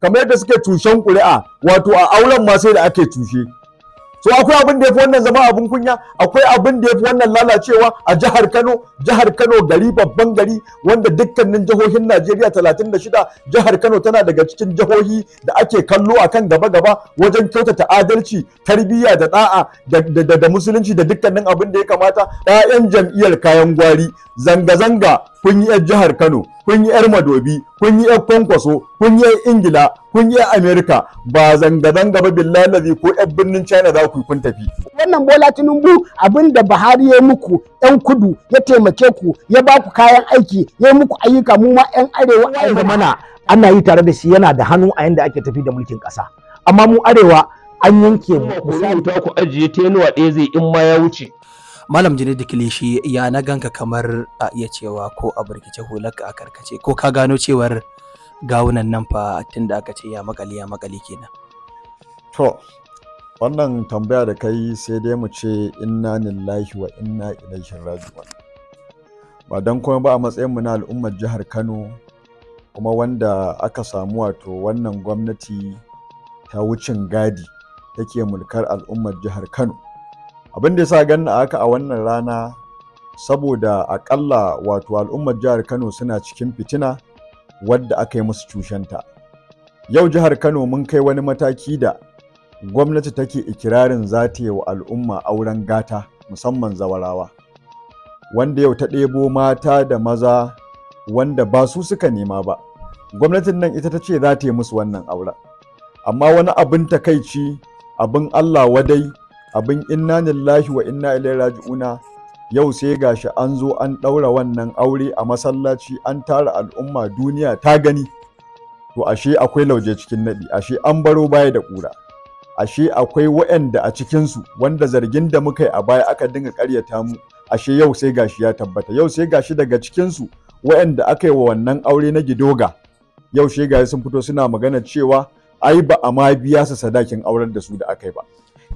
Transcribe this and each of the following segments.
kamar yadda suke tushen ƙuri'a wato a auren ma sai da ake tushe so akwai abin da ya fi wannan zama abin kunya akwai abin da ya fi wannan lalacewa a jihar kano jihar kano gari babban gari wanda dukkanin jihohin najeriya 36 jihar kano tana daga cikin jihohi da ake kallo a kan gaba-gaba wajen kyautata adalci tarbiyya da da'a da musulunci da dukkanin abin da ya kamata 'ya'yan jam'iyyar kayan gwari zanga-zanga kun yi jihar kano kun yi 'yar madobi kun yi 'yar kwankwaso kun yi 'yar ingila kun yi 'yar amerika ba zanga-zanga ba billahi ko 'yar birnin china za ku yi kun tafi wannan bola tinubu abin da buhari ya muku 'yan kudu ya taimake ku ya ba ku kayan aiki ya muku ayyuka mu ma 'yan arewa a mana ana yi tare da shi yana da hannu a yanda ake tafi da mulkin ƙasa amma mu arewa an yanke mu ta ku ajiye tenuwa ɗaya zai in ma ya wuce malam jini Kilishi, kilishi ya na ganka kamar a iya cewa ko a burkice hularka a karkace ko ka gano cewar gawunan nan fa tun da aka ce ya makali ya makali kenan to wannan tambaya da kai sai dai mu ce inna lillahi wa inna ilaihi raji'un ba don kuma ba a matsayin mu na al'ummar jihar Kano kuma wanda aka samu wato wannan gwamnati ta wucin gadi take mulkar al'ummar jihar Kano abin da ya sa ganna haka a wannan rana saboda akalla wato al'ummar jihar Kano suna cikin fitina wadda aka yi musu cushenta. Yau jihar Kano mun kai wani mataki da gwamnati take ikirarin za ta yi wa al'umma auren gata musamman zawarawa. Wanda yau ta ɗebo mata da maza wanda ba su suka nema ba. Gwamnatin nan ita ta ce za ta yi musu wannan auren. Amma wani abin takaici abin Allah wadai abin inna lillahi wa inna ilaihi raji'una yau sai gashi an zo an ɗaura wannan aure a masallaci an tara al'umma duniya ta gani to ashe akwai lauje cikin naɗi ashe an baro baya da ƙura ashe akwai waɗanda a cikinsu wanda zargin da muka yi a baya aka dinga ƙaryata mu ashe yau sai gashi ya tabbata yau sai gashi daga cikinsu waɗanda aka yi wa wannan aure na gidoga yau sai gashi sun fito suna magana cewa ai ba a ma biya su sadakin aurar da su da aka yi ba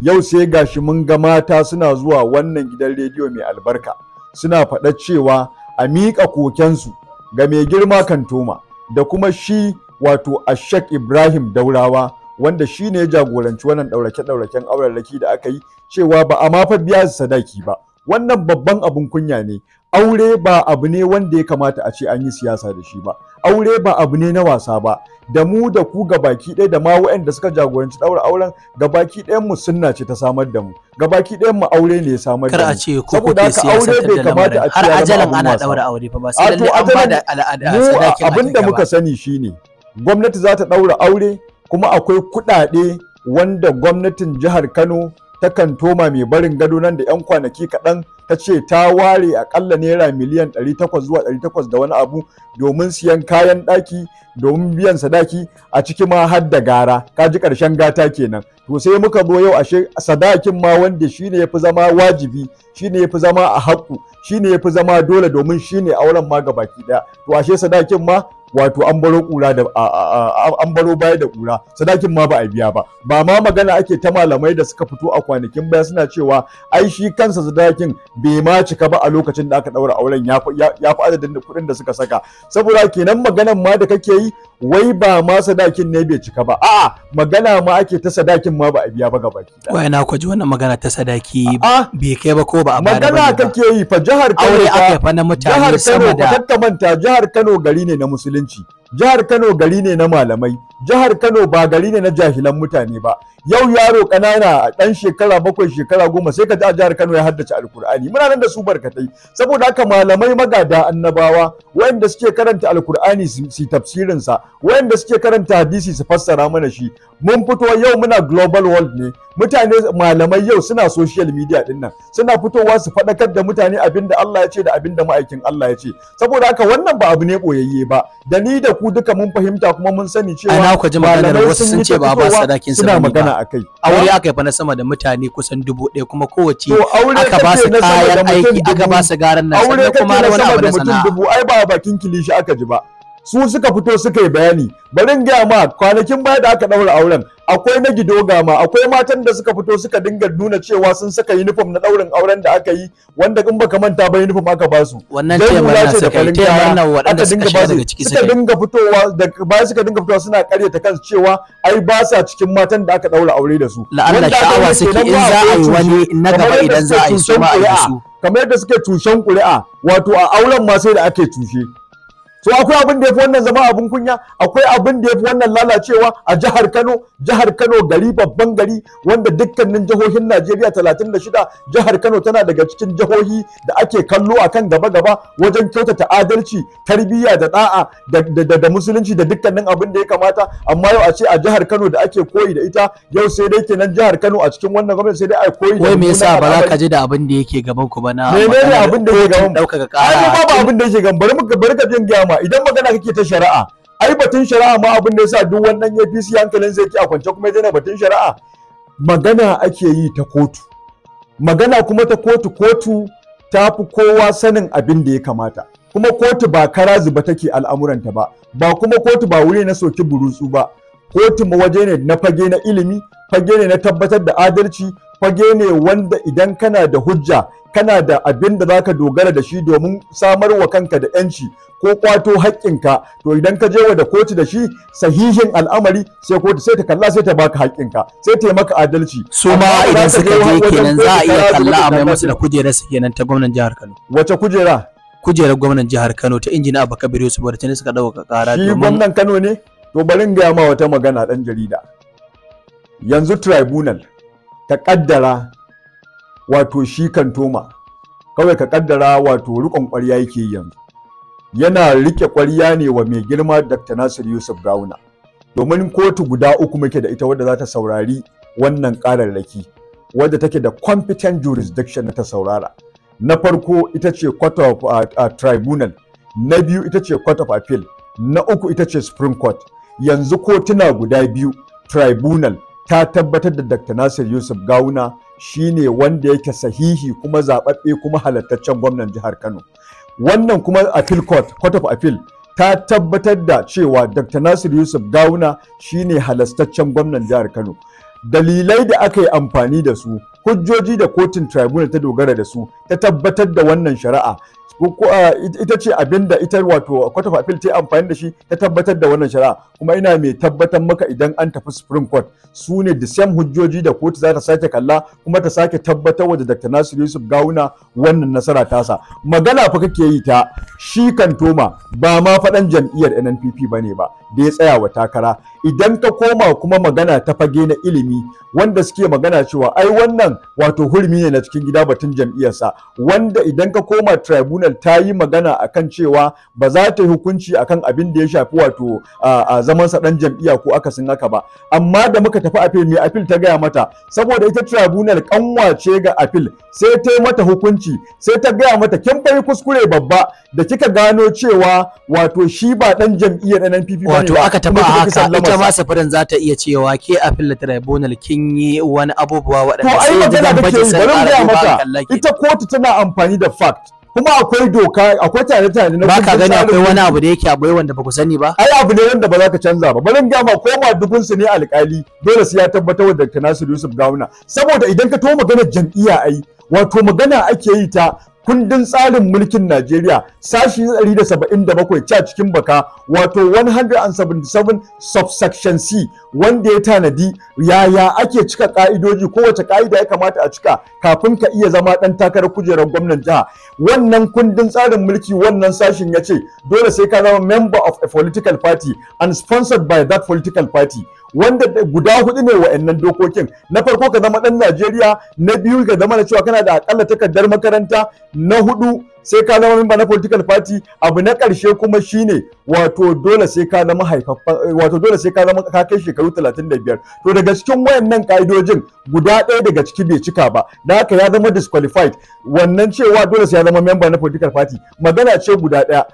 yau sai gashi mun ga mata suna zuwa wannan gidan rediyo mai albarka suna faɗa cewa a miƙa kokensu ga mai girma toma, da kuma shi wato ashek ibrahim daurawa wanda shi ne ya jagoranci wannan ɗaurake-ɗauraken auren da aka yi cewa ba a mafa biya sadaki ba wannan babban abun kunya ne aure ba abu ne wanda ya kamata a ce an yi siyasa da shi ba aure ba abu ne na wasa ba da mu da ku ga baki ɗaya da ma waɗanda suka jagoranci ɗaura auren ga baki ɗayan mu sunna ce ta samar da mu ga baki ɗayan mu aure ne ya samar da mu kar a ce ko ke siyasa aure bai kamata a ce har ajalan ana ɗaura aure fa ba sai lalle an ba da al'ada sadakin abinda muka sani shine gwamnati za ta ɗaura aure kuma akwai kuɗaɗe wanda gwamnatin jihar Kano takan toma mai barin gado nan da 'yan kwanaki kaɗan ta ce ta ware akalla naira miliyan 800 zuwa 800 da wani abu domin siyan kayan ɗaki domin biyan sadaki a ciki ma har da gara ka ji ƙarshen gata kenan to sai muka zo yau ashe sadakin ma wanda shine yafi zama wajibi shine yafi zama a haƙu shine yafi zama dole domin shine auren ma ga baki ɗaya to ashe sadakin ma wato an baro kura da an baro baya da kura sadakin ma ba a biya ba ba ma magana ake ta malamai da suka fito a kwanakin baya suna cewa ai shi kansa sadakin bai ma cika ba a lokacin da aka daura auren ya fi adadin kuɗin da suka saka saboda kenan maganan ma da kake yi wai ba ma sadakin ne bai cika ba a'a magana ma ake ta sadakin ma ba a biya ba gabaki wai na kwaji wannan magana ta sadaki bai kai ba ko ba a bada magana kake yi fa jihar Kano aure fa na mutane sama jihar Kano manta jihar Kano gari ne na musulunci jihar Kano gari ne na malamai jihar Kano ba gari ne na jahilan mutane ba yau yaro kanana dan shekara bakwai shekara goma sai ka ji a jihar Kano ya haddace alkur'ani muna nan da su barkatai saboda haka malamai magada annabawa wayanda suke karanta alkur'ani su tafsirin sa wayanda suke karanta hadisi su fassara mana shi mun fito yau muna global world ne mutane malamai yau suna social media din nan suna fitowa su faɗakar da mutane abinda Allah ya ce da abinda ma'aikin Allah ya ce saboda haka wannan ba abu ne boyayye ba da ni da ku duka mun fahimta kuma mun sani cewa ana ku ji maganar wasu sun ce ba ba sadakin su magana magana a kai aure aka yi fa na sama da mutane kusan dubu ɗaya kuma kowace aka ba su kayan aiki aka ba su garan nan sannan kuma har wani abu na sana'a dubu ai ba bakin kilishi aka ji ba su suka fito suka yi bayani bari in gaya ma kwanakin baya da aka ɗaura auren akwai na gidoga ma akwai matan da suka fito suka dinga nuna cewa sun saka uniform na daurin auren da aka yi wanda in baka manta ba uniform aka ba su wannan ce murna suka yi ta dinga waɗanda suka shiga daga ciki suka dinga fitowa da bayan suka dinga fitowa suna karyata kansu cewa ai ba sa cikin matan da aka daura aure da su la'alla sha'awa suke in za a yi wani na gaba idan za a yi su ma a yi su kamar yadda suke tushen ƙuri'a wato a auren ma sai da ake tushe so akwai abin da ya fi wannan zama abin kunya akwai abin da ya fi wannan lalacewa a jihar kano jihar kano gari babban gari wanda dukkanin jihohin najeriya 36 jihar kano tana daga cikin jihohi da ake kallo a kan gaba-gaba wajen kyautata adalci tarbiyya da da'a da musulunci da dukkanin abin da ya kamata amma yau a ce a jihar kano da ake koyi da ita yau sai dai kenan jihar kano a cikin wannan gwamnati sai dai a koyi da me yasa ba za ka ji da abin da yake gaban ku ba na menene abin da yake gaban ai ba abin da yake gaban bari mu bari ka jin gaya dama idan magana kake ta shari'a ai batun shari'a ma abin da yasa duk wannan APC hankalin zai ki a kwance kuma yana batun shari'a magana ake yi ta kotu magana kuma ta kotu kotu ta fi kowa sanin abin da ya kamata kuma kotu ba karazi ba take al'amuranta ba ba kuma kotu ba wuri na soki burutsu ba kotu ma waje ne na fage na ilimi fage ne na tabbatar da adalci fage ne wanda idan kana da hujja kana da abin da zaka dogara da shi domin samar wa kanka da yanci ko kwato haƙƙinka to idan ka je wa da kotu da shi sahihin al'amari sai kotu sai ta kalla sai ta baka haƙƙinka sai ta yi maka adalci su ma idan suka je kenan za a iya kalla a mai masu da kujera su kenan ta gwamnan jihar Kano wace kujera kujerar gwamnan jihar Kano ta injina Abba Kabir Yusuf wadda ne suka dauka kara shi gwamnan Kano ne to bari in gaya ma wata magana dan jarida yanzu tribunal ta kaddara wato shi kantoma kawai ka kaddara wato rikon ƙwarya yake yanzu yana rike ƙwarya ne wa mai girma Dr. Nasir Yusuf Gawuna domin kotu guda uku muke da ita wadda za ta saurari wannan ƙararraki wadda take da competent jurisdiction na ta saurara na farko ita ce court of uh, uh, tribunal na biyu ita ce court of appeal na uku ita ce supreme court yanzu kotuna guda biyu tribunal ta tabbatar da Dr. Nasir Yusuf Gawuna shine wanda yake sahihi kuma zababbe kuma halattaccen gwamnan jihar Kano wannan kuma appeal court court of appeal ta tabbatar da cewa Dr. Nasir Yusuf Gawuna shine halastaccen gwamnan jihar Kano dalilai da aka yi amfani da su hujjoji da kotun tribunal ta dogara da su ta tabbatar da wannan shari'a ita ce abin da ita wato court of appeal ta amfani da shi ta tabbatar da wannan shari'a kuma ina mai tabbatar maka idan an tafi supreme court su ne the same hujjoji da kotu za ta sake kalla kuma ta sake tabbatar da dr nasiru yusuf gawuna wannan nasara tasa magana fa kake yi ta shi kantoma ba ma faɗan jam'iyyar nnpp ba ne ba da ya tsaya wa takara idan ka koma kuma magana ta fage na ilimi wanda suke magana cewa ai wannan wato hurmi ne na cikin gida batun jam'iyyarsa wanda idan ka koma tribunal ta yi magana akan cewa ba za ta yi hukunci akan abin da ya shafi wato a zaman sa dan jam'iyya ko akasin haka ba amma da muka tafi afil ne appeal ta gaya mata saboda ita tribunal kanwace ga appeal sai ta yi mata hukunci sai ta gaya mata kin bai kuskure babba da kika gano cewa wato shi ba dan jam'iyyar NNPP ba wato aka taba haka ita ma safarin za ta iya cewa ke a fili tribunal kin yi wani abubuwa waɗanda sai da zan baje sai ƙara mata ita kotu tana amfani da fact kuma akwai doka akwai tare tare na ba ka gani akwai wani abu da yake akwai wanda ba ku sani ba ai abu ne wanda ba za ka canza ba bari ga ma koma dubun su ne alƙali dole sai ya tabbatar da Dr. Nasir Yusuf Gawuna saboda idan ka to magana jam'iyya ai wato magana ake yi ta kundin tsarin mulkin Najeriya sashi 177 ca cikin baka wato 177 subsection C wanda ya tanadi yaya ake cika ka'idoji kowace ka'ida ya kamata a cika kafin ka iya zama ɗan takarar kujerar gwamnan jiha wannan kundin tsarin mulki wannan sashin ya ce dole sai ka zama member of a political party and sponsored by that political party wanda guda hudu ne wa'annan dokokin na farko ka zama ɗan Najeriya na biyu ka zama na cewa kana da akalla takardar makaranta na hudu sai ka zama memba na political party abu na karshe kuma shine wato dole sai ka zama haifaffen wato dole sai ka zama ka kai shekaru 35 to daga cikin wayannan ka'idojin guda ɗaya daga ciki bai cika ba da haka ya zama disqualified wannan cewa dole sai ya zama memba na political party magana ce guda ɗaya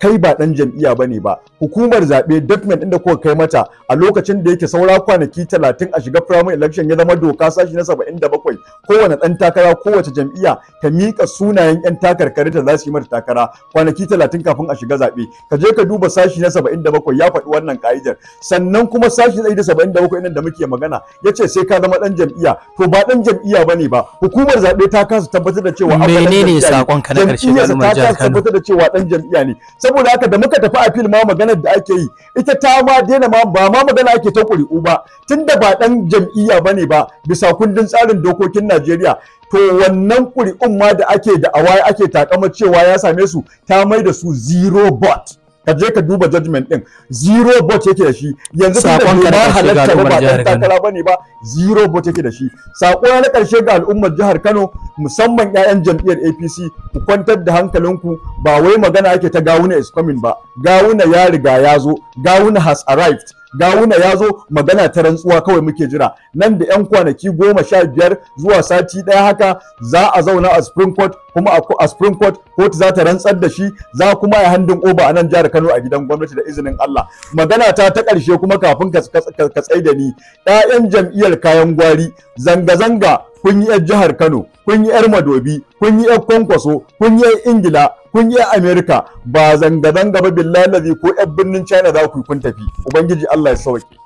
kai ba ɗan jam'iyya bane ba hukumar zaɓe document ɗin da kuka kai mata a lokacin da yake saura kwanaki talatin a shiga primary election ya zama doka sashi na saba'in da bakwai kowane ɗan takara kowace jam'iyya ta miƙa sunayen ƴan takarkari da za su yi mata takara kwanaki talatin kafin a shiga zaɓe ka je ka duba sashi na saba'in da bakwai ya faɗi wannan ka'idar sannan kuma sashi na saba'in da bakwai da muke magana ya ce sai ka zama ɗan jam'iyya to ba ɗan jam'iyya ba ne ba hukumar zaɓe ta kasa tabbatar da cewa menene ka na ƙarshe ta kasa tabbatar da cewa ɗan jam'iyya ne saboda haka da muka tafi a fil ma magana maganar da ake yi ita ta ma daina ma ba ma magana ake ta kuri'u ba tunda ba ɗan jam'iyya ba ne ba bisa kundin tsarin dokokin Najeriya to wannan ƙuri'un ma da ake da waya ake takama cewa ya same su ta mai da su zero bot. ka je ka duba judgment din zero vote yake da shi yanzu tun da ba halatta ba ba dan takara bane ba zero vote yake da shi sako na karshe ga al'ummar jihar Kano musamman ƴaƴan jam'iyyar APC ku kwantar da hankalinku ba wai magana ake ta gawuna is coming ba gawuna ya riga ya zo gawuna has arrived gawuna ya zo magana ta rantsuwa kawai muke jira nan da 'yan kwanaki goma sha biyar zuwa sati ɗaya haka za a zauna a Supreme Court kuma a Supreme Court court za ta rantsar da shi za kuma ya handin oba a nan jihar Kano a gidan gwamnati da izinin Allah magana ta ta karshe kuma kafin ka tsai da ni ɗayan jam'iyyar kayan gwari zanga-zanga kun yi 'yar jihar Kano kun yi 'yar Madobi kun yi 'yar Kwankwaso kun yi 'yar Ingila kun yi a Amerika ba zanga-zanga ba billahi ko 'yan birnin China za ku yi kun tafi Ubangiji Allah ya sauke.